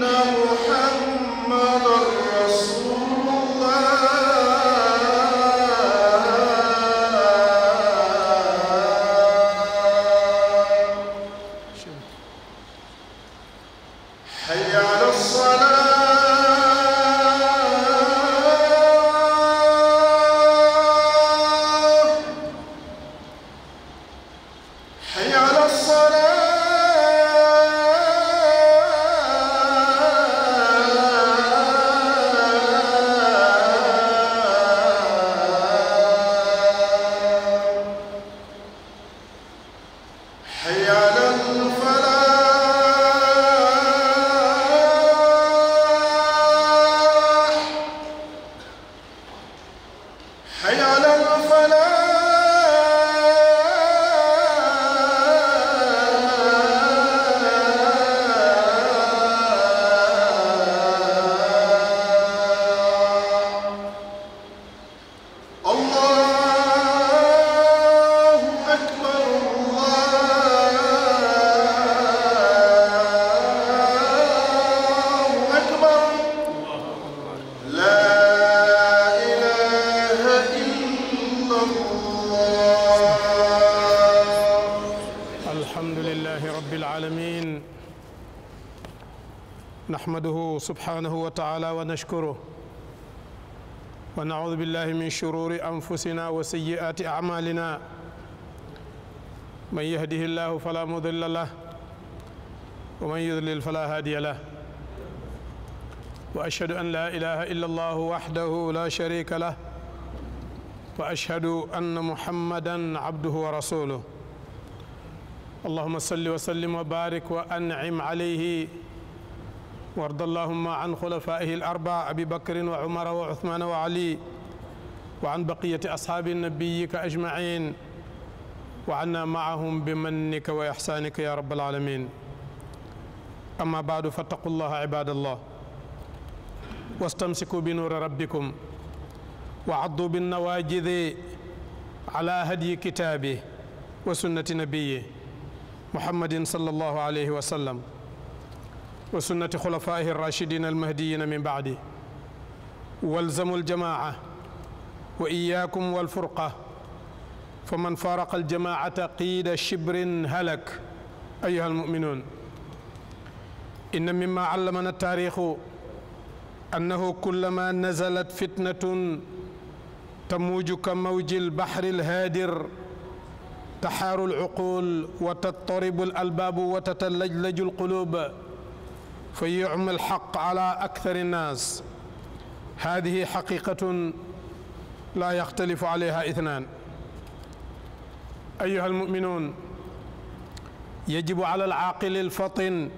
محمد نحمده سبحانه وتعالى ونشكره ونعوذ بالله من شرور انفسنا وسيئات اعمالنا من يهده الله فلا مضل له ومن يضلل فلا هادي له واشهد ان لا اله الا الله وحده لا شريك له واشهد ان محمدا عبده ورسوله اللهم صل وسلم وبارك وانعم عليه وارض اللهم عن خلفائه الأربعة أبي بكر وعمر وعثمان وعلي وعن بقية أصحاب نبيك أجمعين وعنا معهم بمنك وإحسانك يا رب العالمين أما بعد فاتقوا الله عباد الله واستمسكوا بنور ربكم وعضوا بالنواجذ على هدي كتابه وسنة نبيه محمد صلى الله عليه وسلم وسنة خلفائه الراشدين المهديين من بعده والزموا الجماعة وإياكم والفرقة فمن فارق الجماعة قيد شبر هلك أيها المؤمنون إن مما علمنا التاريخ أنه كلما نزلت فتنة تموج كموج البحر الهادر تحار العقول وتضطرب الألباب وتتلجلج القلوب فيعم الحق على أكثر الناس هذه حقيقة لا يختلف عليها اثنان أيها المؤمنون يجب على العاقل الفطن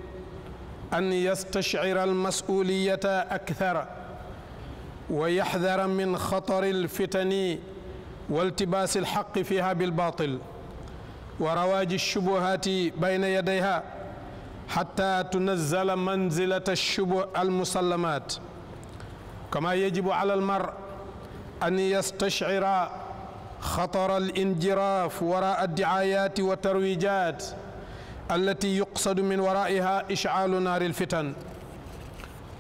أن يستشعر المسؤولية أكثر ويحذر من خطر الفتن والتباس الحق فيها بالباطل ورواج الشبهات بين يديها حتى تنزل منزلة الشبه المسلمات كما يجب على المرء أن يستشعر خطر الانجراف وراء الدعايات والترويجات التي يقصد من ورائها إشعال نار الفتن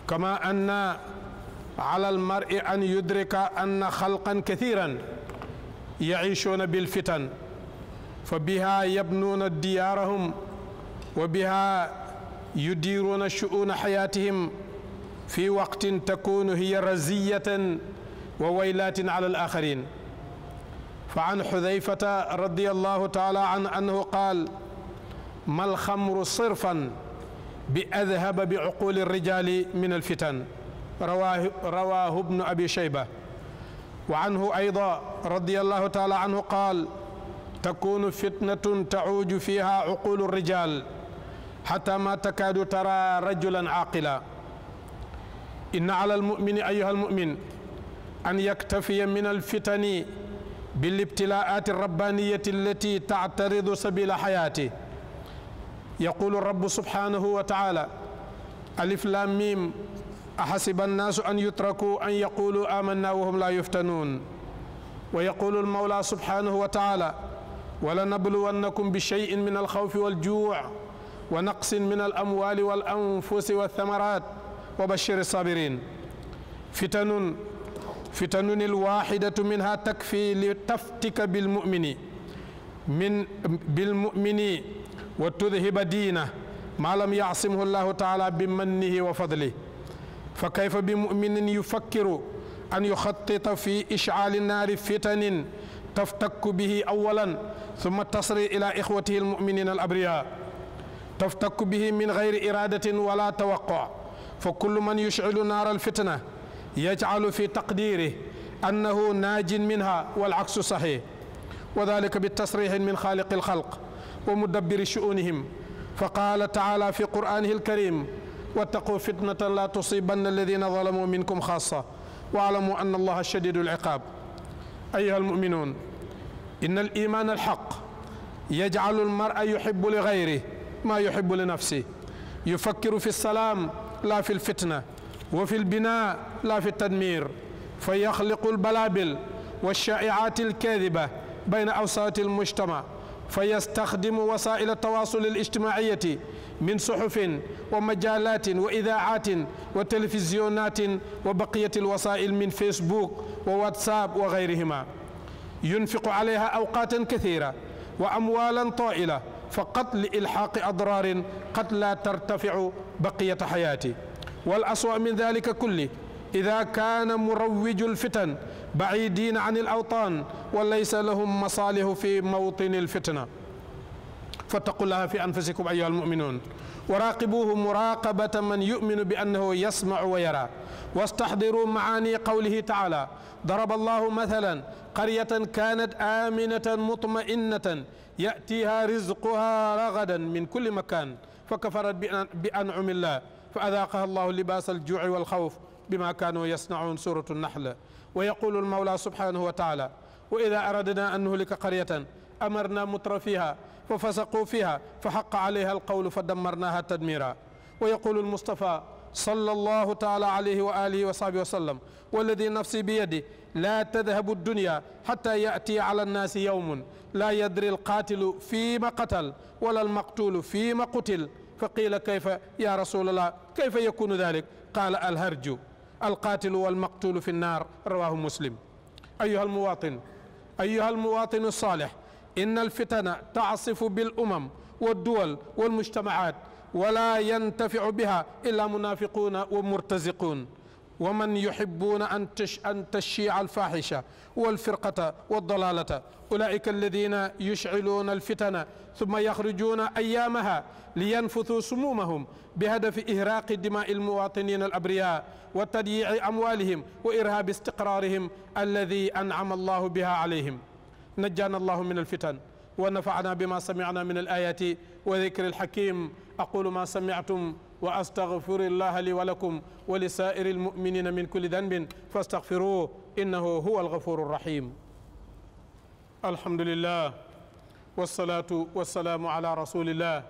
كما أن على المرء أن يدرك أن خلقا كثيرا يعيشون بالفتن فبها يبنون ديارهم وبها يديرون شؤون حياتهم في وقت تكون هي رزية وويلات على الآخرين فعن حذيفة رضي الله تعالى عنه أنه قال ما الخمر صرفا بأذهب بعقول الرجال من الفتن رواه, رواه ابن أبي شيبة وعنه أيضا رضي الله تعالى عنه قال تكون فتنة تعوج فيها عقول الرجال حتى ما تكاد ترى رجلا عاقلا إن على المؤمن أيها المؤمن أن يكتفي من الفتن بالابتلاءات الربانية التي تعترض سبيل حياته يقول الرب سبحانه وتعالى ألف لام ميم أحسب الناس أن يتركوا أن يقولوا آمنا وهم لا يفتنون ويقول المولى سبحانه وتعالى ولنبلونكم بشيء من الخوف والجوع ونقص من الأموال والأنفس والثمرات وبشر الصابرين فتن فتن الواحدة منها تكفي لتفتك بالمؤمن من بالمؤمن وتذهب دينه ما لم يعصمه الله تعالى بمنه وفضله فكيف بمؤمن يفكر أن يخطط في إشعال النار فتن تفتك به أولا ثم تصري إلى إخوته المؤمنين الأبرياء تفتك به من غير إرادة ولا توقع فكل من يشعل نار الفتنة يجعل في تقديره أنه ناج منها والعكس صحيح وذلك بالتصريح من خالق الخلق ومدبر شؤونهم فقال تعالى في قرآنه الكريم واتقوا فتنة لا تصيبن الذين ظلموا منكم خاصة واعلموا أن الله شديد العقاب أيها المؤمنون إن الإيمان الحق يجعل المرء يحب لغيره ما يحب لنفسه يفكر في السلام لا في الفتنة وفي البناء لا في التدمير فيخلق البلابل والشائعات الكاذبة بين أوساط المجتمع فيستخدم وسائل التواصل الاجتماعية من صحف ومجالات وإذاعات وتلفزيونات وبقية الوسائل من فيسبوك وواتساب وغيرهما ينفق عليها أوقاتا كثيرة وأموالا طائلة فقط لإلحاق أضرار قد لا ترتفع بقية حياتي والأسوأ من ذلك كله إذا كان مروج الفتن بعيدين عن الأوطان وليس لهم مصالح في موطن الفتنه فاتقوا الله في أنفسكم أيها المؤمنون وراقبوه مراقبة من يؤمن بأنه يسمع ويرى واستحضروا معاني قوله تعالى ضرب الله مثلا قرية كانت آمنة مطمئنة يأتيها رزقها رغدا من كل مكان فكفرت بأنعم الله فأذاقها الله لباس الجوع والخوف بما كانوا يصنعون سورة النحل ويقول المولى سبحانه وتعالى وإذا أردنا أن نهلك قرية أمرنا مترفيها ففسقوا فيها فحق عليها القول فدمرناها تدميرا ويقول المصطفى صلى الله تعالى عليه وآله وصحبه وسلم والذي نفسي بيده لا تذهب الدنيا حتى يأتي على الناس يوم لا يدري القاتل فيما قتل ولا المقتول فيما قتل فقيل كيف يا رسول الله كيف يكون ذلك قال الهرج القاتل والمقتول في النار رواه مسلم أيها المواطن أيها المواطن الصالح إن الفتن تعصف بالأمم والدول والمجتمعات ولا ينتفع بها إلا منافقون ومرتزقون ومن يحبون أن تش أن تشيع الفاحشة والفرقة والضلالة أولئك الذين يشعلون الفتن ثم يخرجون أيامها لينفثوا سمومهم بهدف إهراق دماء المواطنين الأبرياء وتضييع أموالهم وإرهاب استقرارهم الذي أنعم الله بها عليهم نجانا الله من الفتن ونفعنا بما سمعنا من الآيات وذكر الحكيم أقول ما سمعتم وأستغفر الله لي ولكم ولسائر المؤمنين من كل ذنب فاستغفروه إنه هو الغفور الرحيم الحمد لله والصلاة والسلام على رسول الله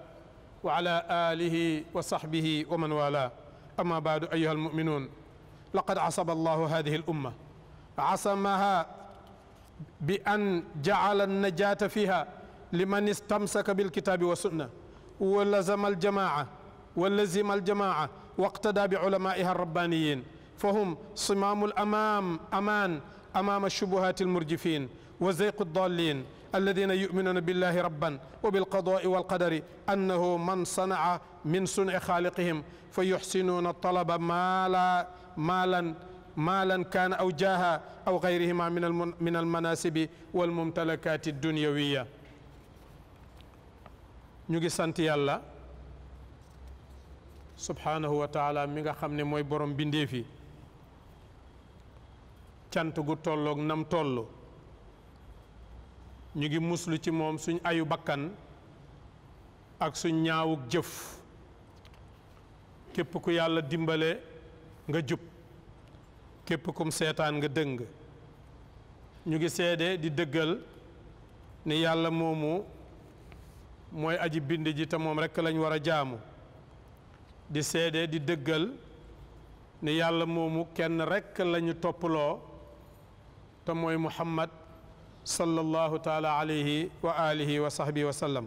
وعلى آله وصحبه ومن والاه أما بعد أيها المؤمنون لقد عصب الله هذه الأمة عصمها بأن جعل النجاة فيها لمن استمسك بالكتاب والسنة ولزم الجماعة ولزم الجماعة واقتدى بعلمائها الربانيين فهم صمام الأمام أمان أمام الشبهات المرجفين وزيق الضالين الذين يؤمنون بالله ربا وبالقضاء والقدر أنه من صنع من صنع خالقهم فيحسنون الطلب مالا مالا مالا كان أو جاها أو غيرهما من من المناسب والممتلكات الدنيوية نيغي سانت يالا سبحانه وتعالى ميغا خامني موي بوروم بينديفي cant gu tolloog nam toll ñu ngi muslu ci moom suñ ayu bakkan ak suñ ñaawuk jëf képp ku yàlla dimbale nga jub képp kum seetaan nga dëng ñu ngi seede di dëggal ne yàlla moomu mooy aji bind ji te moom rekk lañ war a jaamu di seede di dëggal ne yàlla moomu kenn rekk lañu toppaloo te mooy muhammad sallallahu taala alayhi wa alihi wa sahbihi wa sallam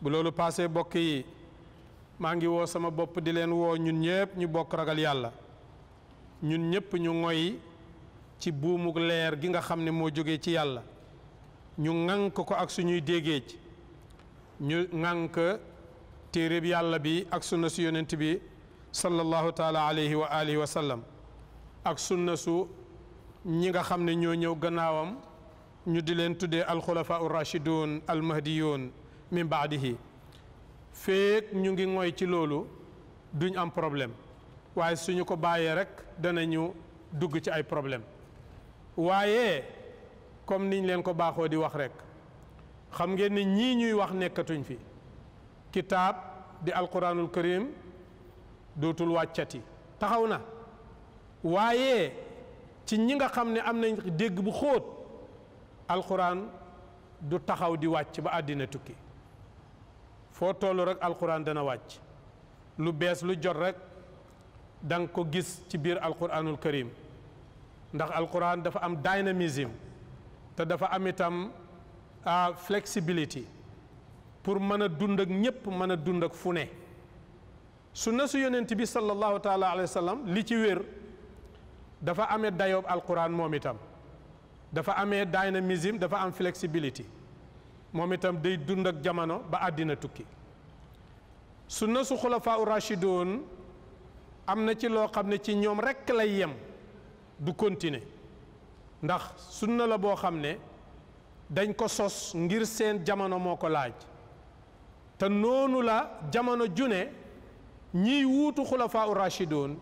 bu loolu paasee bokk yi maa ngi woo sama bopp di leen woo ñun ñépp ñu bokk ragal yàlla ñun ñëpp ñu ngoy ci buumug leer gi nga xam ni moo jóge ci yàlla ñu ŋànk ko ak suñuy ci ñu téere bi yàlla bi ak sunna su yonent bi sallallahu taala alayhi wa alihi wa sallam ak sunna su ñi nga xam ne ñoo ñëw gannaawam ñu di leen tuddee alxulafa urrachidun almahdiyun min baadihi feek ñu ngi ngoy ci loolu duñ am problème waaye suñu ko bàyyee rek danañu dugg ci ay problème waaye comme niñ leen ko baaxoo di wax rek xam ngeen ni ñii ñuy wax nekkatuñ fi kitaab di alquranul karim dootul wàccati taxaw na waaye ci ñi nga xam ne am nañ dégg bu xóot alxuraan du taxaw di wàcc ba àddina tukki foo toll rek alquran dana wàcc lu bees lu jot rek da nga ko gis ci biir alquranul karim ndax alquran dafa am dynamisme te dafa am itam flexibility pour mën a dund ak ñépp mën dund ak fu sunna su yonent bi sallallahu taala alayhi wa sallam li ci wér dafa amé dayob alquran moom itam dafa amé dynamism dafa am flexibility moom itam day dund ak jamono ba adina tukki sunna su khulafa ar-rashidun amna ci lo xamne ci ñom rek lay yem du continuer ndax sunna la bo xamne dañ ko sos ngir seen jamono moko laaj te nonu la jamono june ñi wuutu khulafa ar rashidun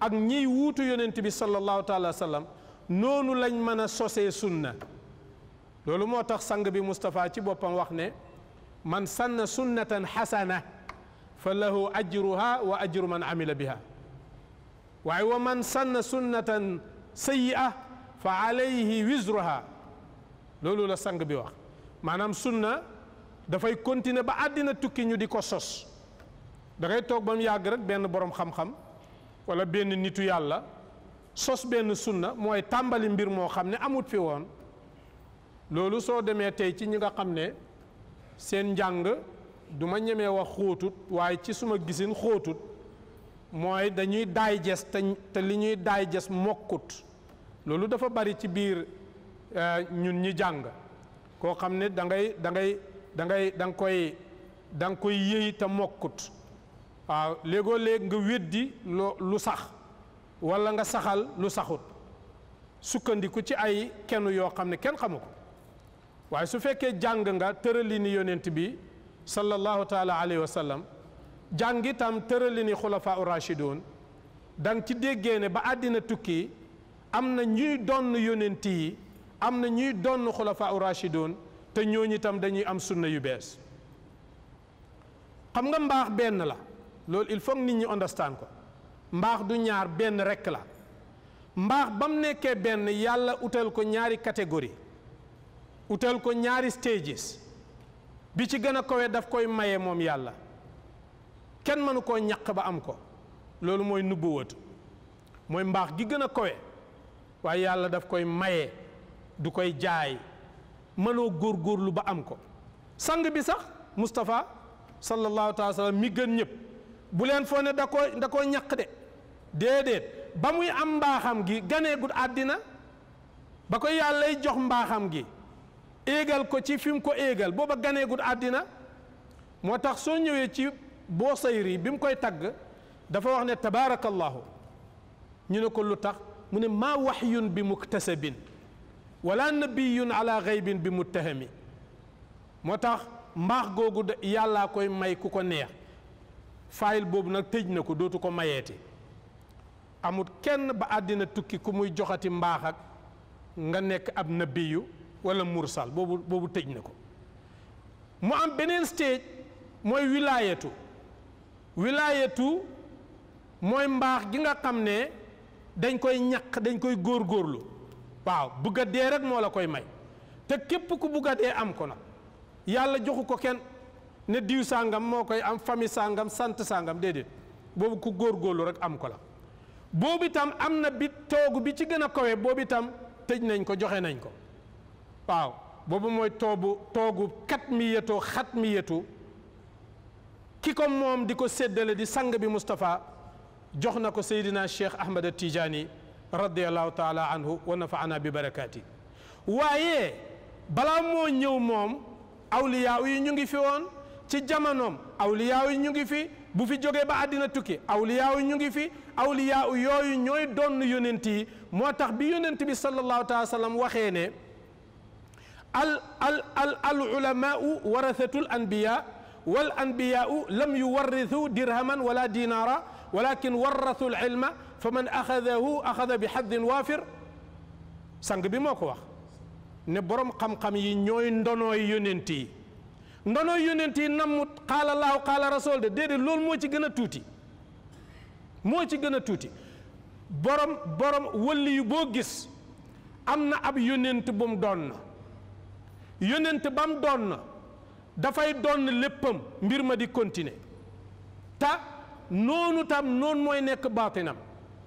ak ñi wuutu yonent bi sallallahu taala sallam nonu lañ mëna sosé sunna lolu motax sang bi mustafa ci bopam wax ne man sanna sunnatan hasana فله اجرها واجر من عمل بها waaye wa man sanna sunnatan sayyi'a fa alayhi wizruha loolu la sang bi wax maanaam na dafay continuer ba àddina tukki ñu di ko sos da ngay toog ba mu yàgg rek benn borom xam-xam wala benn nitu yàlla sos benn sun na mooy tàmbali mbir moo xam ne amut fi woon loolu soo demee tey ci ñi nga xam ne seen njàng du ma ñemee wax xóotut waaye ci suma gisin xóotut mooy dañuy daay jees te te li ñuy daay digest mokkut loolu dafa bari ci biir eh, ñun ñi jàng koo xam ne dangay dangay dangay ngay da ngay koy da nga koy yëy te mokkut waaw léegoo léeg nga weddi loo lu sax walla nga saxal lu saxut sukkandiku ci ay kenn yoo xam ne kenn xamu ko waaye su fekkee jàng nga tërali ni yonent bi sallallahu taala alayhi wa jàngitam itam tërali ni xulafaa u rashidun dang ci déggee ne ba àddina tukki am na ñuy donn yonent yi am na ñuy donn xulafaa u rashidun te ñooñu itam dañuy am sunna yu bees xam nga mbaax benn la loolu il faut nit ñi understand ko mbaax du ñaar benn rekk la mbaax ba mu nekkee benn yàlla utal ko ñaari catégorie utal ko ñaari stages bi ci gën a kawe daf koy maye moom yàlla kenn mënu koo ñàq ba am ko loolu mooy nubbuwatu mooy mbaax gi gën a kowe waaye yàlla daf koy maye du koy jaay góor góorlu ba am ko sang bi sax Moustapha sallallahu taala sallam mi gën ñëpp bu leen foo ne da koo nda koo ñàq de déedéet ba muy am mbaaxam gi ganeegut àddina ba ko yàllay jox mbaaxam gi éegal ko ci fi ko éegal booba ganeegut àddina moo tax soo ñëwee ci boo sayri bi mu koy tagg dafa wax ne tabaarakallaahu ñu ne ko lu tax mu ne maa waxyun bi mu muktasabin wala nabiyun ala gaybin bi mu mi moo tax mbaax googu yàllaa koy may ku ko neex fayil boobu nag tëj na ko dootu ko mayeeti amul kenn ba àddina tukki ku muy joxati mbaax ak nga nekk ab nabiyu wala mursal boobu boobu tëj na ko mu am beneen stage mooy wilaayatu wilaayatu mooy mbaax gi nga xam ne dañ koy ñaq dañ koy góor góorlu waaw bugg a dee rek moo la koy may te képp ku bugg a dee am ko na yàlla joxu ko kenn ne diw sàngam moo koy am famille sàngam sant sàngam déedéet boobu ku góorgóorlu rek am ko la boobu itam am na bi toogu bi ci gën a kawe boobu itam tëj nañ ko joxe nañ ko waaw boobu mooy toobu toogu kat mi yetu xat mi yetu ki ko moom di ko séddale di sang bi Moustapha jox na ko Seydina Cheikh Ahmed Tidiane radiallahu taala anhu wa nafaana bi barakaati waaye balaa moo ñëw moom awliyaaw yi ñu ngi fi woon ci jamonoom awliyaaw yi ñu ngi fi bu fi jógee ba àddina tukki awliyaaw yi ñu ngi fi awliyaaw yooyu ñooy doon yonent yi moo tax bi yonent bi sallallahu taala sallam waxee ne al al al al ulamaau warasatul anbiya والأنبياء لم يورثوا درهما ولا دينارا ولكن ورثوا العلم فمن أخذه أخذ بحد وافر سانغ بي موكو واخ ني بروم قام قام يي نوي يوننتي ندونو يوننتي نام قال الله قال رسول دي دي لول مو سي توتي موتي سي توتي بروم بروم ولي يو بو امنا اب يوننت بوم دون يوننت بام dafay don léppam mbir ma di continuer ta nonu tam non moy nek batinam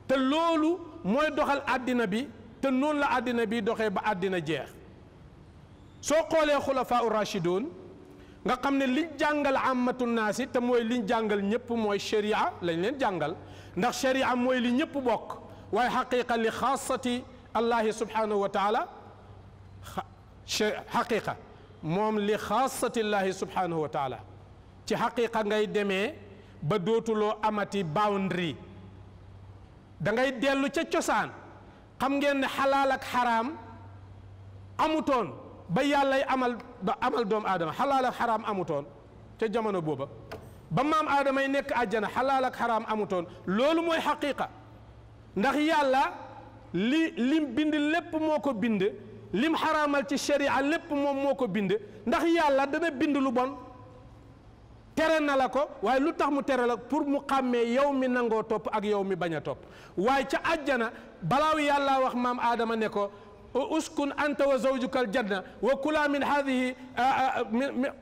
te lolu moy doxal adina bi te non la adina bi doxé ba adina jeex so xolé khulafa ar rashidun nga xamne li jàngal amatu nasi te moy li jàngal ñëpp moy sharia lañ leen jàngal ndax sharia moy li ñëpp bok way haqiqa li khassati allah subhanahu wa taala haqiqa موم لي خاصة الله سبحانه وتعالى تي حقيقة غاي ديمي با دوتولو اماتي باوندري دا غاي ديلو تي تيوسان خام نين حلالك حرام اموتون با يالا عمل دا عمل دوم ادم حلالك حرام اموتون تي جامانو بوبا با مام ادم اي نيك اجانا حلالك حرام اموتون لول موي حقيقة ndax yalla li lim bind lepp moko bind lim xaraamal ci sharia lépp moom moo ko bind ndax yàlla dana bind lu bon tere na la ko waaye lu tax mu tere la pour mu xàmmee yow mi nangoo topp ak yow mi bañ a topp waaye ca àjjana balaaw yàlla wax maam aadama ne ko uskun anta wa zawjuka aljanna wa kula min hadihi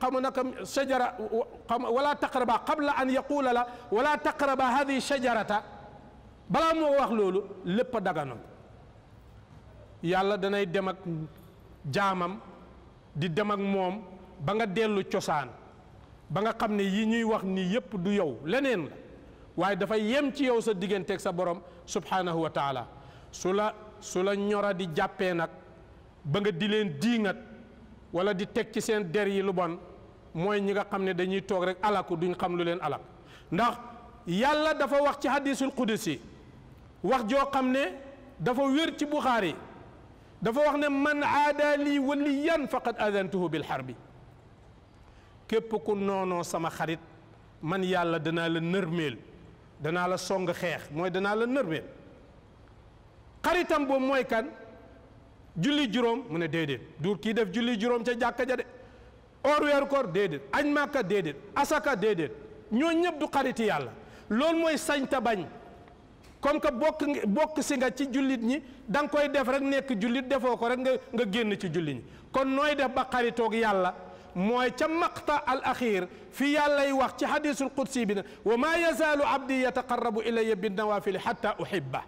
xamu naka shajara wala taqraba qabla an yaqula la wala taqraba hadihi shajarata balaa moo wax loolu lépp a daganoon yàlla danay dem ak jaamam di dem ak moom ba nga dellu cosaan ba nga xam ne yi ñuy wax nii yépp du yow leneen la waaye dafa yem ci yow sa digganteeg sa borom subhaanahu wa su la su la ñora di jàppee nag ba nga di leen diingat wala di teg ci seen der yi lu bon mooy ñi nga xam ne dañuy toog rek alaku duñ xam lu leen alak ndax yàlla dafa wax ci hadisul si wax joo xam ne dafa wér ci yi dafa wax ne man aada yan waliyan faqad adantuhu bil bi képp ku noonoo sama xarit man yàlla danaa la nërmeel danaa la song xeex mooy danaa la nërmeel xaritam boobu mooy kan julli juróom mu ne déedéet duur kii def julli juróom ca jàkka ja de or weeru koor déedéet añ déedéet asaka déedéet ñoo ñëpp du xarit yàlla loolu mooy sañ ta comme que bokk bokk si nga ci jullit ñi da nga koy def rek nekk jullit defoo ko rek nga nga génn ci jullit ñi kon nooy def ba xaritoog yàlla mooy ca maqta al axir fi yàllay wax ci xadisul qudsi bi ne wa maa yazaalu abdi yataqarrabu ilaya binnawaafili xata uhibba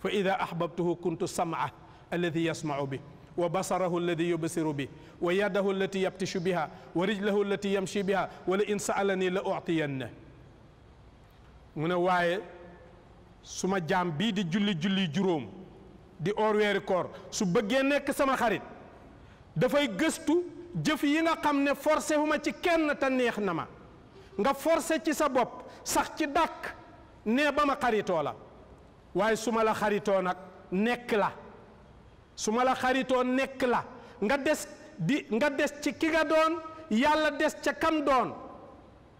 fa ida ahbabtuhu kuntu samaa alladi yasmau bi wa basarahu alladi yubsiru bi wa yadahu allati yabtishu biha wa rijlahu allati yamshi biha wa la in saalani la utiyanna mu ne waaye suma jambi bi di julli julli juróom di or record. koor su bëggee nek sama xarit fay gëstu jëf yi nga xamné ne forcé huma ci kenn ta neex nama nga forcé ci sa bop sax ci dak né bama xarito la waye suma la xarito nak nek la suma la xarito nek la nga des di nga des ci ki nga doon yalla des ci kam doon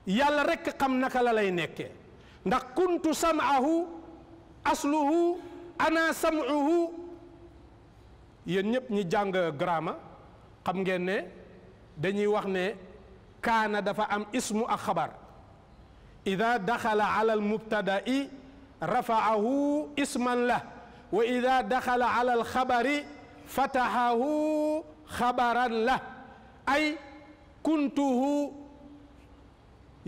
yalla rek xam naka la lay nekké ndax kuntu sam'ahu asluhu ana sam'uhu yéen ñëpp ñi jàng garaama xam ngeen ne dañuy wax ne kaana dafa am ismu ak xabar ida daxala ala almubtada'i rafa'ahu isman la wa ida daxala alal alxabari fataxahu xabaran la ay kuntuhu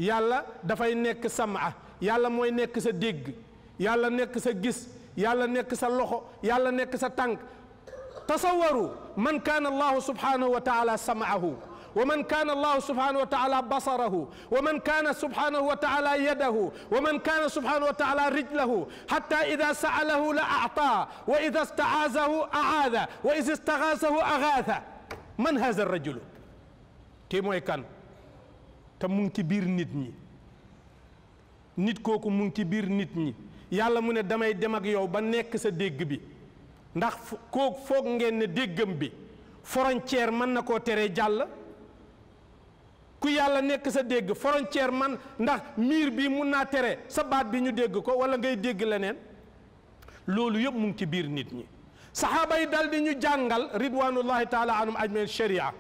yàlla dafay nekk sama yàlla mooy nekk sa dégg yalla nek sa gis yalla nek sa loxo yalla nek sa tank تصوروا من كان الله سبحانه وتعالى سمعه ومن كان الله سبحانه وتعالى بصره ومن كان سبحانه وتعالى يده ومن كان سبحانه وتعالى رجله حتى إذا سأله لأعطى وإذا استعاذه أعاذ وإذا استغاثه أغاث من هذا الرجل تيموي كان تمون كبير نتني نت كوكو مونتي بير نتني yàlla mu ne damay dem ak yow ba nekk sa dégg bi ndax kook foog ngeen ne déggam bi frontière mën na koo teree jàll ku yàlla nekk sa dégg frontière man ndax miir bi mun naa tere sa baat bi ñu dégg ko wala ngay dégg leneen loolu yëpp mu ngi ci biir nit ñi saxaaba yi dal di ñu jàngal ridwanullahi taala anum ajmain sharia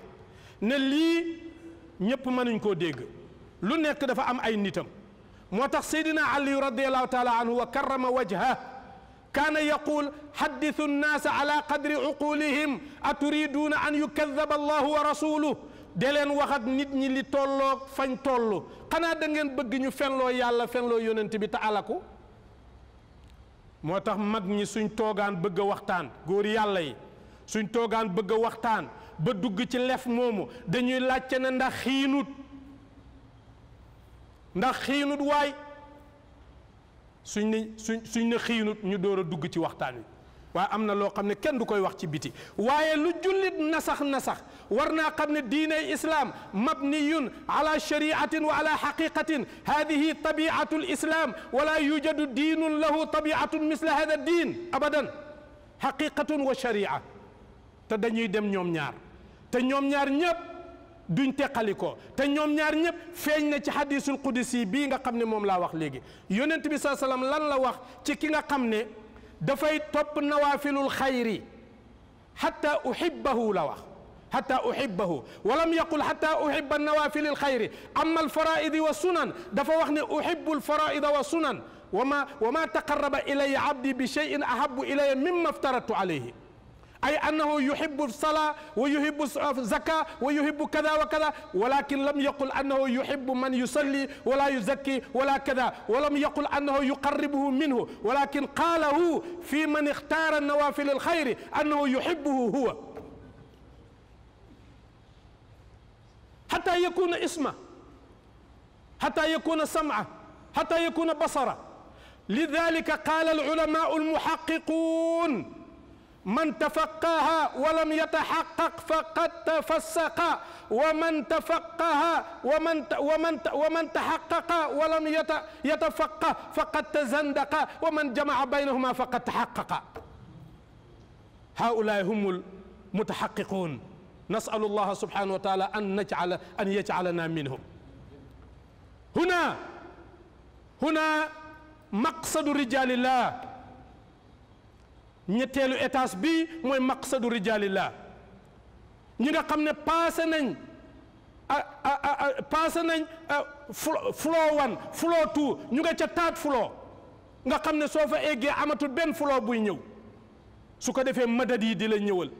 ne lii ñëpp mënuñ koo dégg lu nekk dafa am ay nitam moo tax saydina aliyu radiallahu taala anhu wa karrama wajha kaana yaqul xaddisu nnaasa ala qadri uqulihim aturiduuna an yukadaba allahu wa rasuluh de leen waxat nit ñi li tolloo fañ toll xanaa da ngeen bëgg ñu fenloo yàlla fenloo yonent bi te alaku moo tax mag ñi suñ toogaan bëgg a waxtaan góor yàlla yi suñ toogaan bëgg waxtaan ba dugg ci lef moomu dañuy laajte ne ndax xiinut ndax xiinut waay suñ ne suñ suñ ne xiinut ñu door a dugg ci waxtaan wi waaye am na loo xam ne kenn du koy wax ci biti waaye lu jullit nasax nasax war naa xam ne diiney islaam mabniyun ala shariatin wa ala xaqiqatin hadihi tabiatu lislam wala yujadu diinun lahu tabiatun misla hada diin abadan xaqiqatun wa sharia te dañuy dem ñoom ñaar te ñoom ñaar ñëpp duñ teqalikoo te ñom ñaar ñëpp feeñ na ci hadithul qudsi bi nga xamne mom la wax léegi yonent bi sallam lan la wax ci ki nga xamne da fay top nawafilul xayri hatta uhibbahu la wax hatta uhibbahu walam yaqul حتى أحبه ولم يقل حتى أحب النوافل الخير أما الفرائض والسنن دفع وخني wa sunan wama wama taqarraba ilayya 'abdi bi shay'in ahabbu ilayya mimma افترضت alayhi أي أنه يحب الصلاة ويحب الزكاة آه، ويحب كذا وكذا ولكن لم يقل أنه يحب من يصلي ولا يزكي ولا كذا ولم يقل أنه يقربه منه ولكن قاله في من اختار النوافل الخير أنه يحبه هو حتى يكون اسمه حتى يكون سمعه حتى يكون بصره لذلك قال العلماء المحققون من تفقه ولم يتحقق فقد تفسق ومن تفقه ومن ومن ومن تحقق ولم يتفقه فقد تزندق ومن جمع بينهما فقد تحقق هؤلاء هم المتحققون نسأل الله سبحانه وتعالى أن نجعل أن يجعلنا منهم هنا هنا مقصد رجال الله ñettelu étage bi moy maqsadu rijalillah ñi nga xamne passé nañ a passé nañ flo one flo two ñu nga ca tat flo nga xamne so fa eggee amatu ben flo buy ñëw su ko defé madad yi di la ñëwal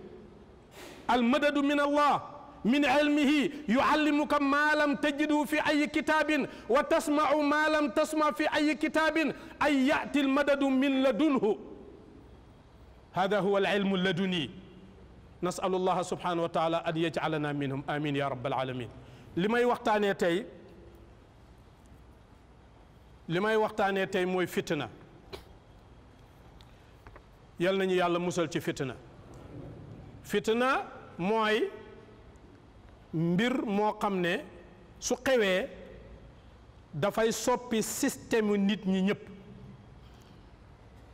al madadu min allah من علمه يعلمك ما لم تجده في أي كتاب وتسمع ما لم تسمع في أي كتاب أي يأتي المدد من لدنه هذا هو العلم اللدني نسأل الله سبحانه وتعالى أن يجعلنا منهم آمين يا رب العالمين لما يوقتاني تي لما يوقتاني تي موي فتنة يلا نجي يلا مسل فتنة فتنة موي مبير مو قمني سقوي دفعي صوبي سيستم نيت نيب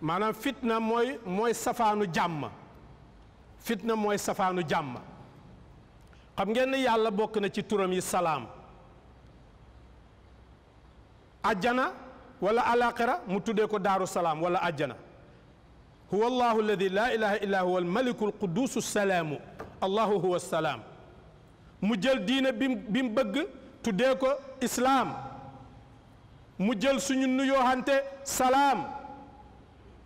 maanaam fitna mooy mooy safaanu jàmm fitna mooy safaanu jàmm xam ngeen ni yàlla bokk na ci turam yi salaam ajjana wala alaaxira mu tuddee ko daaru salaam wala ajjana huwa allahu alladi laa ilaha illa huwa almaliku alqudusu salaamu allahu huwa salaam mu jël diina bi bi mu bëgg tuddee ko islaam mu jël suñu nuyoxante salaam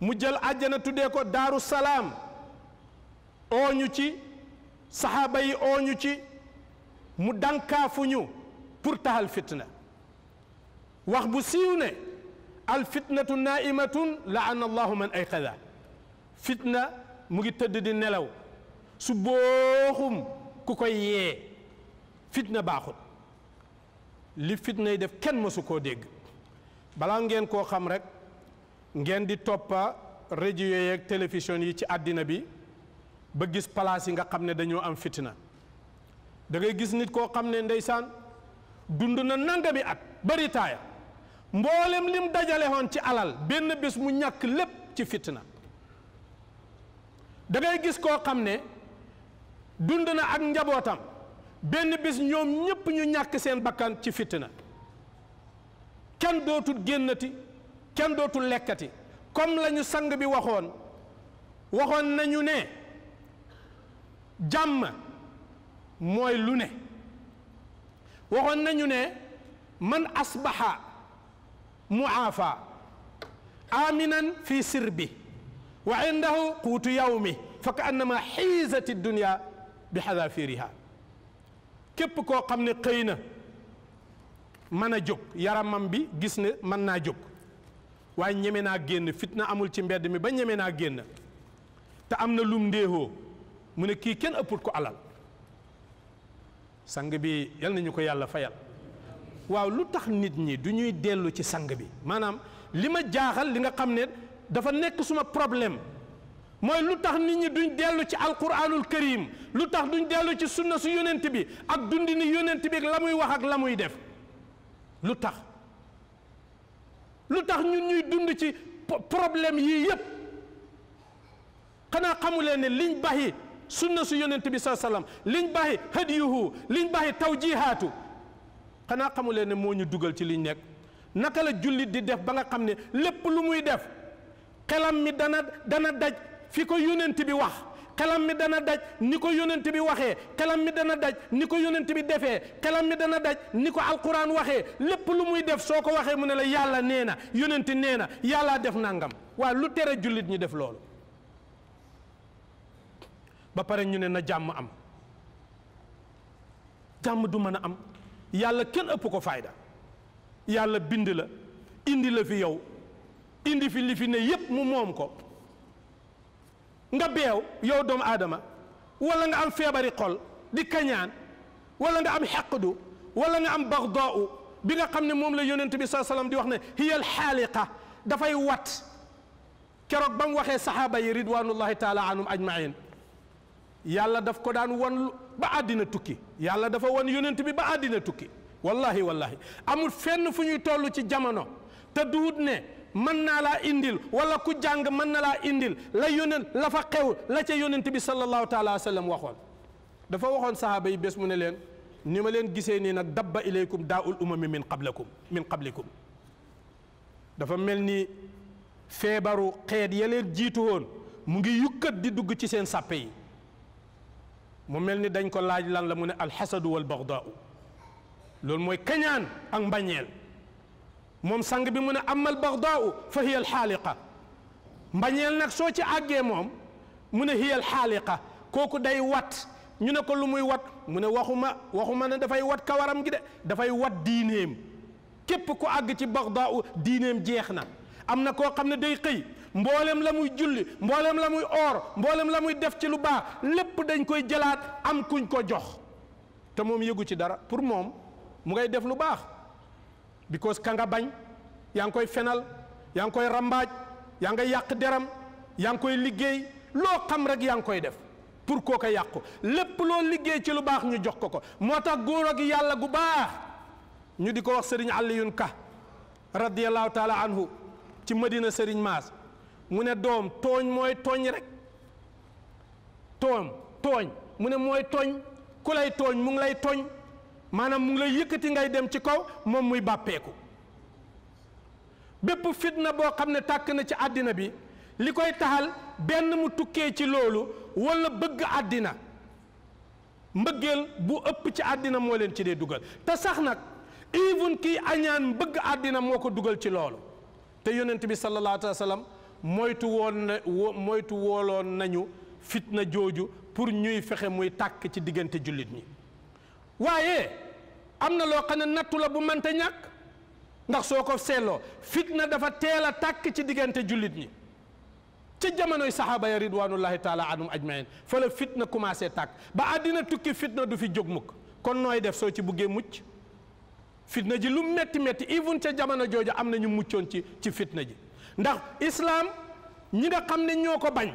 mu jël aljana tuddee ko daaru salaam ooñu ci saxaaba yi ooñu ci mu dankaafuñu pour taxal fitna wax bu siiw ne al fitnatu naimatun laana allahu man ayqada fitna mu ngi tëdd di nelaw su booxum ku koy yee fitna baaxut li fitna yi def kenn mësu koo dégg balaa ngeen koo xam rek ngeen di toppa rajo yooyu ak yi ci àddina bi ba gis palaas yi nga xam ne dañoo am fitna da ngay gis nit koo xam ne ndeysaan dund na nangami bi ak taaya mboolem lim dajale ci alal benn bés mu ñàkk lépp ci fitna da ngay gis koo xam ne dund na ak njabootam benn bés ñoom ñépp ñu ñàkk seen bakkan ci fitna kenn dootul génnati kenn dootul lekkati comme la ñu sang bi waxoon waxoon nañu ne jàmm mooy lu ne waxoon nañu ne man asbaxa muaafa aminan fi sirbi wa indahu quutu yawmi fa ka annama xiisati dunia bi xadaafiriha képp koo xam ne xëy na mën a jóg yaramam bi gis ne mën naa jóg waaye ñeme naa génn fitna amul ci mbedd mi ba ñeme naa génn te am na lum ndéexoo mu ne kii kenn ëpput ko alal sang bi yal nañu ko yàlla fayal waaw lu tax nit ñi du ñuy dellu ci sang bi maanaam li ma jaaxal li nga xam ne dafa nekk suma problème mooy lu tax nit ñi duñ dellu ci alquranul karim lu tax duñ dellu ci sunna su yonent bi ak dundini yonent bi ak la muy wax ak la muy def lu tax lu tax ñun ñuy dund ci problème yii yëpp xanaa xamuleen ne liñ baxi sunna su yonent bi saa sallam liñ baxi hadiyuhu liñ baxi tawjihaatu xanaa xamuleen ne moo ñu dugal ci liñ nekk naka la jullit di def ba nga xam ne lépp lu muy def xelam mi dana dana daj fi ko yonent bi wax kalam mi dana daj niko yonent bi waxe kalam mi dana daj niko yonent bi defé kalam mi dana daj niko alquran waxe lépp lu muy def soko waxe mune la yàlla neena yonent neena yalla def nangam wa lu tere julit ñi def loolu ba pare ñu ne na jàmm am jàmm du meuna am yàlla ken ëpp ko fayda yàlla bind la indi la fi yow indi fi li fi ne yépp mu moom ko nga beew yow doomu aadama wala nga am feebari xol di kañaan wala nga am xaqdu wala nga am baxdaau bi nga xam ne moom la yonent bi saa salaam di wax ne hiya alxaaliqa dafay wat keroog ba mu waxee saxaaba yi ridwanullahi taala anhum ajmain yàlla daf ko daan wan ba àddina tukki yàlla dafa wan yonent bi ba àddina tukki wallahi wallahi amul fenn fu ñuy toll ci jamono te duut ne mën naa laa indil wala ku jàng mën na laa indil la yónent la fa xew la ca yónent bi sallallahu taala wa sallam waxoon dafa waxoon sahaaba yi bés mu ne leen ni ma leen gisee nii nag dabba ilaykum daa ul umami min qablakum min qablikum dafa mel ni feebaru xeet ya leen jiitu woon mu ngi yukkat di dugg ci seen sàppe yi mu mel ni dañ ko laaj lan la mu ne alxasadu wal bagdaau loolu mooy kañaan ak mbañeel moom sang bi mu ne amal bagdaaw fa hiya alxaaliqa mbañeel nag soo ci àggee moom mu ne hiya alxaaliqa kooku day wat ñu ne ko lu muy wat mu ne waxuma waxuma ne dafay wat kawaram gi de dafay wat diineem képp ku àgg ci bagdaaw diineem jeex na am na koo xam ne day xëy mboolem la muy julli mboolem la muy oor mboolem la muy def ci lu baax lépp dañ koy jëlaat am kuñ ko jox te moom yëgu ci dara pour moom mu ngay def lu baax because ka nga bañ yaa ngi koy fenal yaa ngi koy rambaaj yaa nga yàq deram yaa ngi koy liggéey loo xam rek yaa ngi koy def pour koo ko yàqu lépp loo liggéey ci lu baax ñu jox ko ko moo tax góor ak yàlla gu baax ñu di ko wax sëriñ Aliyun Ka radiyallahu taala anhu ci Madina sëriñ Maas mu ne doom tooñ mooy tooñ rek tooñ tooñ mu ne mooy tooñ ku lay tooñ mu ngi lay tooñ maanaam mu ngi lay yëkkati ngay dem ci kaw moom muy bàppeeku bépp fitna boo xam ne tàkk na ci àddina bi li koy taxal benn mu tukkee ci loolu walla bëgg àddina mbëggeel bu ëpp ci àddina moo leen ci dee dugal te sax nag even kii añaan bëgg àddina moo ko dugal ci loolu te yonent bi sallallahu alayhi wa moytu woon na moytu wooloon nañu fitna jooju pour ñuy fexe muy tàkk ci diggante jullit ñi waaye am na loo xam ne nattu la bu mante ñàkk ndax soo ko seetloo fitna dafa teel a tàkk ci diggante jullit ñi ca jamonoy saxaaba ya ridwanullahi taala anhum ajmain fa la fitna commencé tàkk ba àddina tukki fitna du fi jóg mukk kon nooy def soo ci buggee mucc fitna ji lu metti metti even ca jamono jooju am na ñu muccoon ci ci fitna ji ndax islaam ñi nga xam ne ñoo ko bañ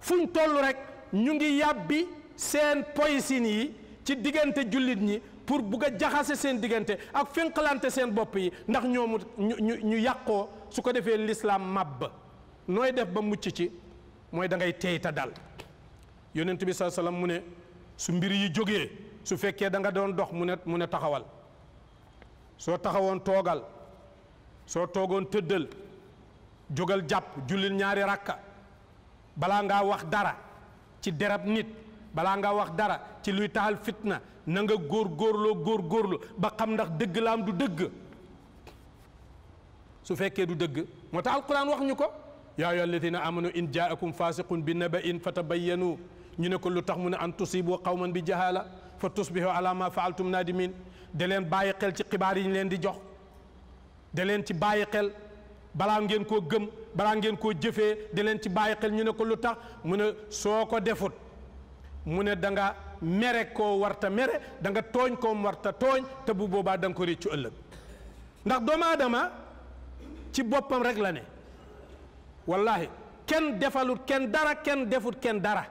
fuñ toll rek ñu ngi yàbbi seen poysin yi ci diggante jullit ñi pour bëgg a jaxase seen diggante ak fénqalante seen bop yi ndax ñoomu ñu ñu yàqoo su ko defee lislaam màbb nooy def ba mucc ci moy da ngay teey ta dal yonnentou bi saa salaam mu mune su mbir yi joggé su féké da nga doon dox mu ne mu taxawal so taxawon togal so togon teddel jogal japp julil ñaari rakka bala nga wax dara ci derab nit balaa nga wax dara ci luy taxal fitna na nga góor góorloo góor góorlu ba xam ndax dëgg la am du dëgg su fekkee du dëgg moo tax alquran wax ñu ko yaa ayyuha alladina amanu in jaakum fasiqun bi naba'in fatabayyanu ñu ne ko lu tax mu ne an tusibu qawman bi jahala fa tusbihu ala ma faaltum nadimin da leen bàyyi xel ci xibaar yi ñu leen di jox da leen ci bàyyi xel balaa ngeen koo gëm balaa ngeen koo jëfee da leen ci bàyyi xel ñu ne ko lu tax mu ne soo ko defut mune da nga mere ko warta mere da nga togn ko warta togn te bu boba da nga ko réccu ëllëg ndax doomu adama ci bopam rek la ne wallahi ken defalut ken dara ken defut ken dara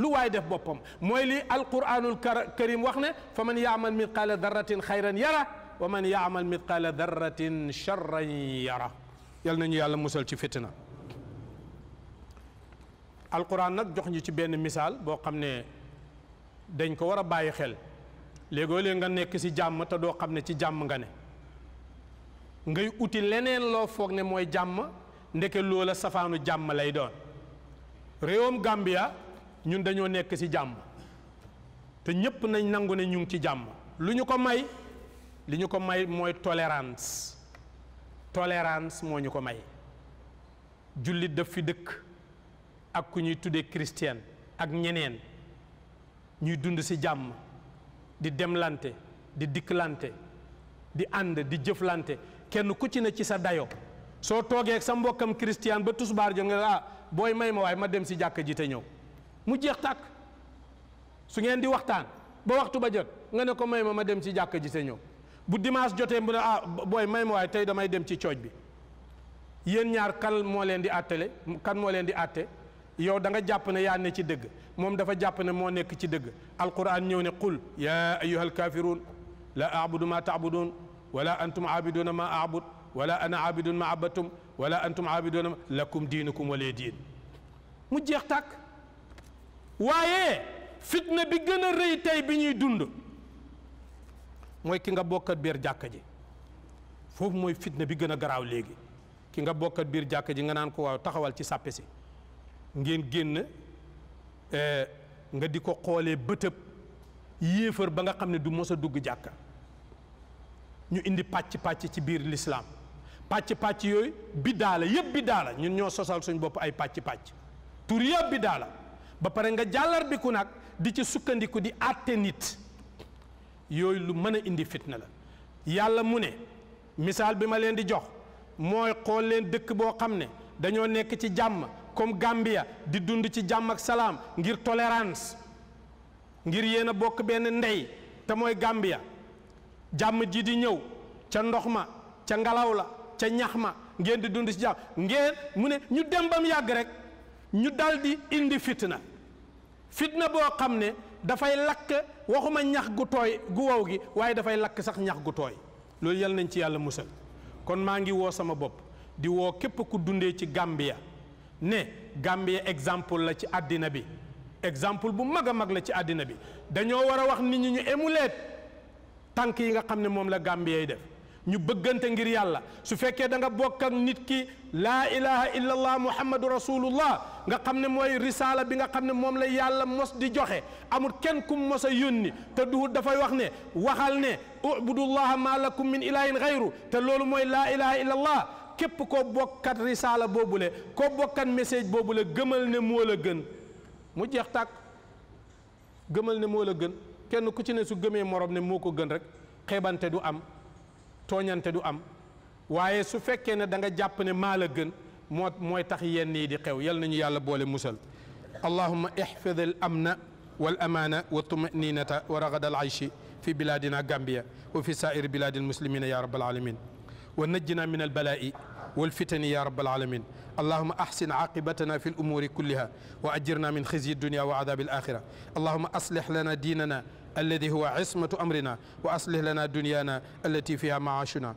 lu way def bopam moy li alquranul karim waxne faman ya'mal mithqala dharratin khayran yara waman ya'mal mithqala dharratin sharran yara yal nañu yàlla musal ci fitna alquran nag jox ñu ci benn misaal boo xam ne dañ ko war a bàyyi xel léegoo léeg nga nekk ci jàmm te doo xam ne ci jàmm nga ne ngay uti leneen loo foog ne mooy jàmm ndeke loola safaanu jàmm lay doon réewam Gambia ñun dañoo nekk ci jàmm te ñépp nañ nangu ne ñu ci jàmm lu ñu ko may li ñu ko may mooy tolérance tolérance moo ñu ko may jullit daf fi dëkk ak ku ñuy tuddee chrétien ak ñeneen ñuy dund ci jàmm di demlante di dikklante di ànd di jëflante kenn ku ci ne ci sa dayo soo toogee sa mbokkam chrétien ba tusbaar jo nga ah booy may ma ma dem ci jàkk ji te ñëw mu jeex tàkk su ngeen di waxtaan ba waxtu ba jot nga ne ko may ma ma dem ci jàkk ji te ñëw bu dimanche jotee mu ne ah booy may ma waay tey damay dem ci cooj bi yéen ñaar kan moo leen di àttale kan moo leen di àtte yow da nga jàpp ne ya ne ci deug mom dafa jàpp ne mo nek ci deug alquran ñëw ne qul ya ayyuhal kafirun la abudu ma taabudun wala antum aabiduna ma aabud wala ana aabidun ma abatum wala antum aabiduna lakum dinukum wa diin mu jeex tak waye fitna bi gëna a tay bi ñuy dund moy ki nga bokkat bir jakkaji fofu moy fitna bi gëna graw legi ki nga bokkat bir jakkaji nga nan ko waaw taxawal ci sapesi ngeen génn eh, nga di ko xoolee bëtëb yéefar ba nga xam ne du mos a dugg jàkka ñu indi pàcc pàcc ci biir lislaam pàcc pàcc yooyu biddaa la yëpp biddaa la ñun ñoo sosal suñ bopp ay pàcc pàcc tur yëpp biddaa la ba pare nga jàllarbiku nag di ci sukkandiku di àtte nit yooyu lu mën a indi fitna la yàlla mu ne misaal bi ma leen di jox mooy xool leen dëkk boo xam ne dañoo nekk ci jàmm comme gambia di dund ci jam ak salam ngir tolérance ngir yena bok ben ndey te moy gambia jam ji di ñew ca ndoxma ca ngalaw la ca ñaxma ngeen di dund ci jam ngeen mu ne ñu dem bam yag rek ñu daldi indi fitna fitna bo xamne da fay lak waxuma ñax gu toy gu waw gi da fay lak sax ñax gu toy lool yal nañ ci yalla musal kon mangi ngi sama bop di wo kep ku dundé ci gambia ne Gambie exemple la ci adina bi exemple bu maga mag la ci adina bi daño wara wax nit ñi ñu émuleet tànk yi nga xamne mom la Gambie yi def ñu bëggante ngir yàlla su fekke da nga bok ak nit ki la ilaha illa allah muhammadur rasulullah nga xamne moy risala bi nga xamne mom la yàlla mos di joxe amul ken kum mosa yoni te duhu da fay wax ne waxal ne ubudullaha ma lakum min ilahin ghayru te lolu moy la ilaha illa allah képp ko bokkat risaala boobule ko bokkat message boobule gëmal ne moo la gën mu jeex tàkk gëmal ne moo la gën kenn ku ci ne su gëmee morom ne moo ko gën rek xeebante du am tooñante du am waaye su fekkee ne da nga jàpp ne maa la gën moo mooy tax yenn yi di xew yal nañu yàlla boole musal allahuma ihfid al amna wal amana wa tumaninata wa ragada al ayshi في بلادنا غامبيا وفي سائر بلاد المسلمين يا رب العالمين ونجنا من البلاء والفتن يا رب العالمين اللهم أحسن عاقبتنا في الأمور كلها وأجرنا من خزي الدنيا وعذاب الآخرة اللهم أصلح لنا ديننا الذي هو عصمة أمرنا وأصلح لنا دنيانا التي فيها معاشنا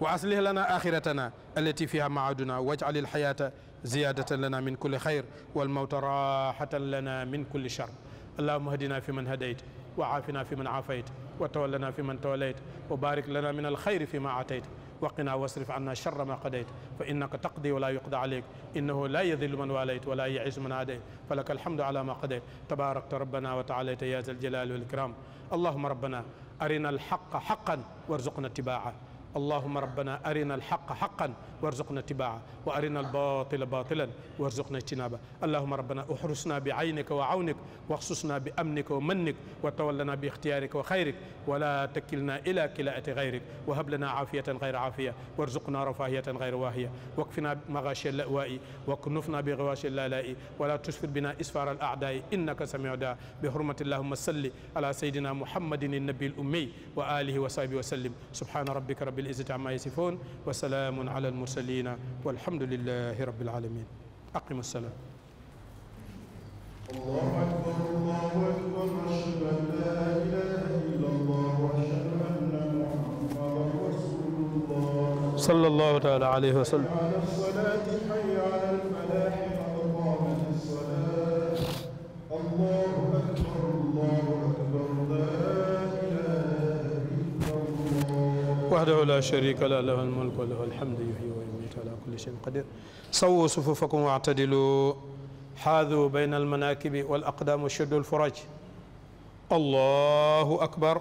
وأصلح لنا آخرتنا التي فيها معادنا واجعل الحياة زيادة لنا من كل خير والموت راحة لنا من كل شر اللهم اهدنا فيمن هديت وعافنا فيمن عافيت وتولنا فيمن توليت وبارك لنا من الخير فيما أعطيت وقنا واصرف عنا شر ما قضيت فإنك تقضي ولا يقضى عليك إنه لا يذل من واليت ولا يعز من عاديت فلك الحمد على ما قضيت تباركت ربنا وتعاليت يا ذا الجلال والإكرام اللهم ربنا أرنا الحق حقا وارزقنا اتباعه اللهم ربنا أرنا الحق حقا وارزقنا اتباعه وأرنا الباطل باطلا وارزقنا اجتنابه اللهم ربنا احرسنا بعينك وعونك واخصصنا بأمنك ومنك وتولنا باختيارك وخيرك ولا تكلنا إلى كلاءة غيرك وهب لنا عافية غير عافية وارزقنا رفاهية غير واهية واكفنا مغاشي اللأواء وكنفنا بغواشي اللالائي ولا تشفر بنا إسفار الأعداء إنك سميع دعاء بحرمة اللهم صل على سيدنا محمد النبي الأمي وآله وصحبه وسلم سبحان ربك رب العزة عما يصفون وسلام على المرسلين والحمد لله رب العالمين أقم السلام الله أكبر الله أكبر أشهد أن لا إله إلا الله وأشهد أن محمدا رسول الله صلى الله تعالى عليه وسلم على الصلاة حي على الفلاح قد قامت الصلاة الله وحده لا شريك له له الملك وله الحمد يحيي ويميت على كل شيء قدير صووا صفوفكم واعتدلوا حاذوا بين المناكب والأقدام وشدوا الفرج الله أكبر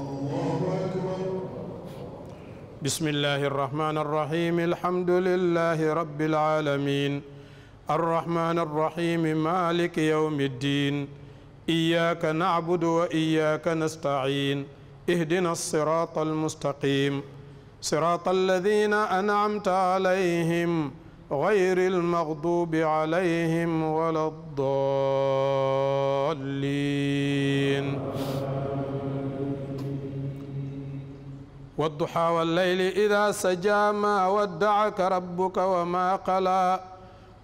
الله أكبر بسم الله الرحمن الرحيم الحمد لله رب العالمين الرحمن الرحيم مالك يوم الدين إياك نعبد وإياك نستعين اهدنا الصراط المستقيم صراط الذين أنعمت عليهم غير المغضوب عليهم ولا الضالين والضحى والليل إذا سجى ما ودعك ربك وما قلى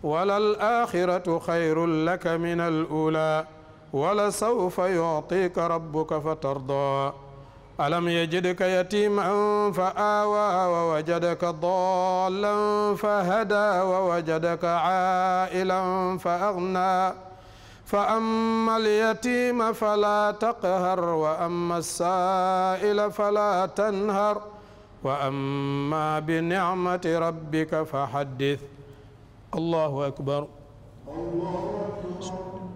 وللآخرة خير لك من الأولى ولسوف يعطيك ربك فترضى ألم يجدك يتيما فآوى ووجدك ضالا فهدى ووجدك عائلا فأغنى فأما اليتيم فلا تقهر وأما السائل فلا تنهر وأما بنعمة ربك فحدث الله أكبر الله أكبر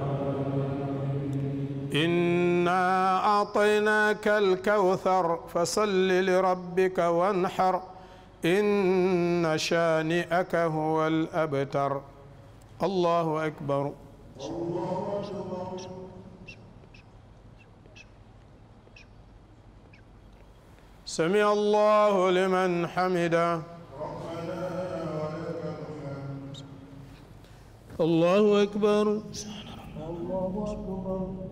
إنا أعطيناك الكوثر فصل لربك وانحر إن شانئك هو الأبتر الله أكبر سمع الله لمن حمده الله أكبر الله أكبر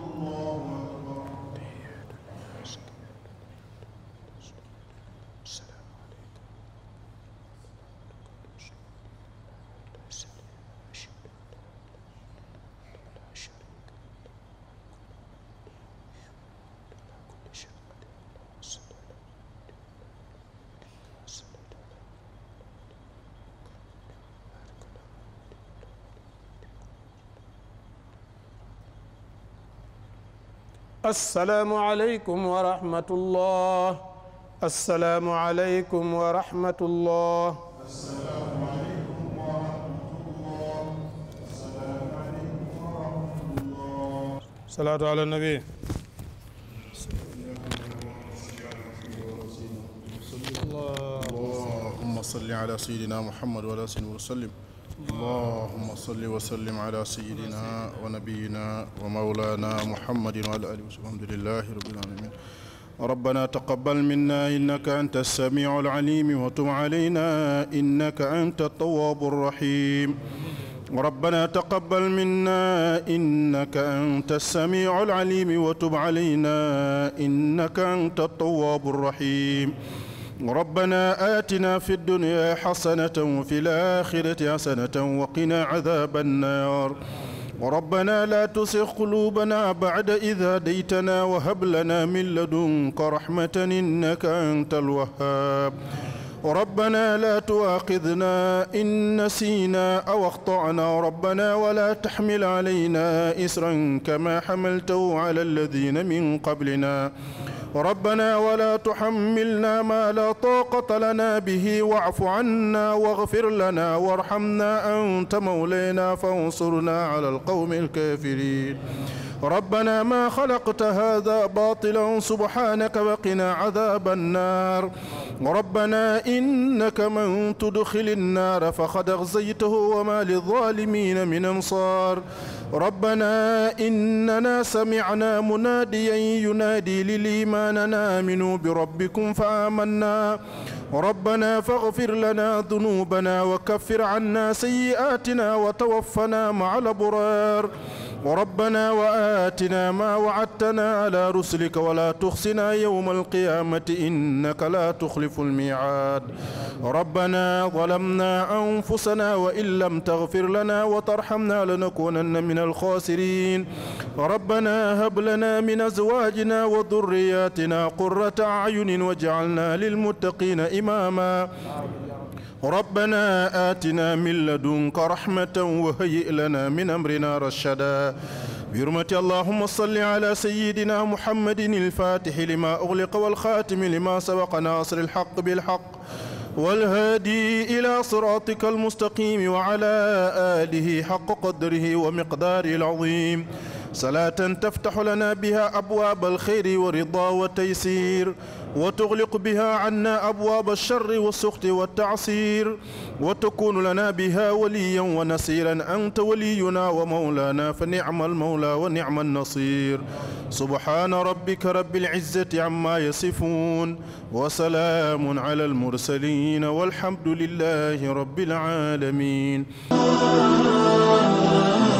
السلام عليكم ورحمة الله السلام عليكم ورحمة الله السلام عليكم ورحمة الله السلام عليكم ورحمة الله صلاة على النبي اللهم صل على سيدنا محمد وعلى سيدنا وسلم اللهم صل وسلم على سيدنا ونبينا ومولانا محمد وعلى اله وصحبه الحمد لله رب العالمين ربنا تقبل منا انك انت السميع العليم وتب علينا انك انت التواب الرحيم ربنا تقبل منا انك انت السميع العليم وتب علينا انك انت التواب الرحيم ربنا آتنا في الدنيا حسنة وفي الآخرة حسنة وقنا عذاب النار ربنا لا تسخ قلوبنا بعد إذ هديتنا وهب لنا من لدنك رحمة إنك أنت الوهاب ربنا لا تؤاخذنا إن نسينا أو أخطأنا ربنا ولا تحمل علينا إسرا كما حملته على الذين من قبلنا ربنا ولا تحملنا ما لا طاقة لنا به واعف عنا واغفر لنا وارحمنا أنت مولينا فانصرنا على القوم الكافرين ربنا ما خلقت هذا باطلا سبحانك وقنا عذاب النار ربنا إنك من تدخل النار فقد أغزيته وما للظالمين من أنصار ربنا إننا سمعنا مناديا ينادي للإيمان أن آمنوا بربكم فآمنا ربنا فاغفر لنا ذنوبنا وكفر عنا سيئاتنا وتوفنا مع الأبرار وربنا وآتنا ما وعدتنا على رسلك ولا تخسنا يوم القيامة إنك لا تخلف الميعاد ربنا ظلمنا أنفسنا وإن لم تغفر لنا وترحمنا لنكونن من الخاسرين ربنا هب لنا من أزواجنا وذرياتنا قرة أعين واجعلنا للمتقين إماما ربنا آتنا من لدنك رحمة وهيئ لنا من أمرنا رشدا برمة اللهم صل على سيدنا محمد الفاتح لما أغلق والخاتم لما سبق ناصر الحق بالحق والهادي إلى صراطك المستقيم وعلى آله حق قدره ومقداره العظيم صلاة تفتح لنا بها أبواب الخير ورضا وتيسير وتغلق بها عنا أبواب الشر والسخط والتعصير وتكون لنا بها وليا ونصيرا أنت ولينا ومولانا فنعم المولى ونعم النصير سبحان ربك رب العزة عما يصفون وسلام على المرسلين والحمد لله رب العالمين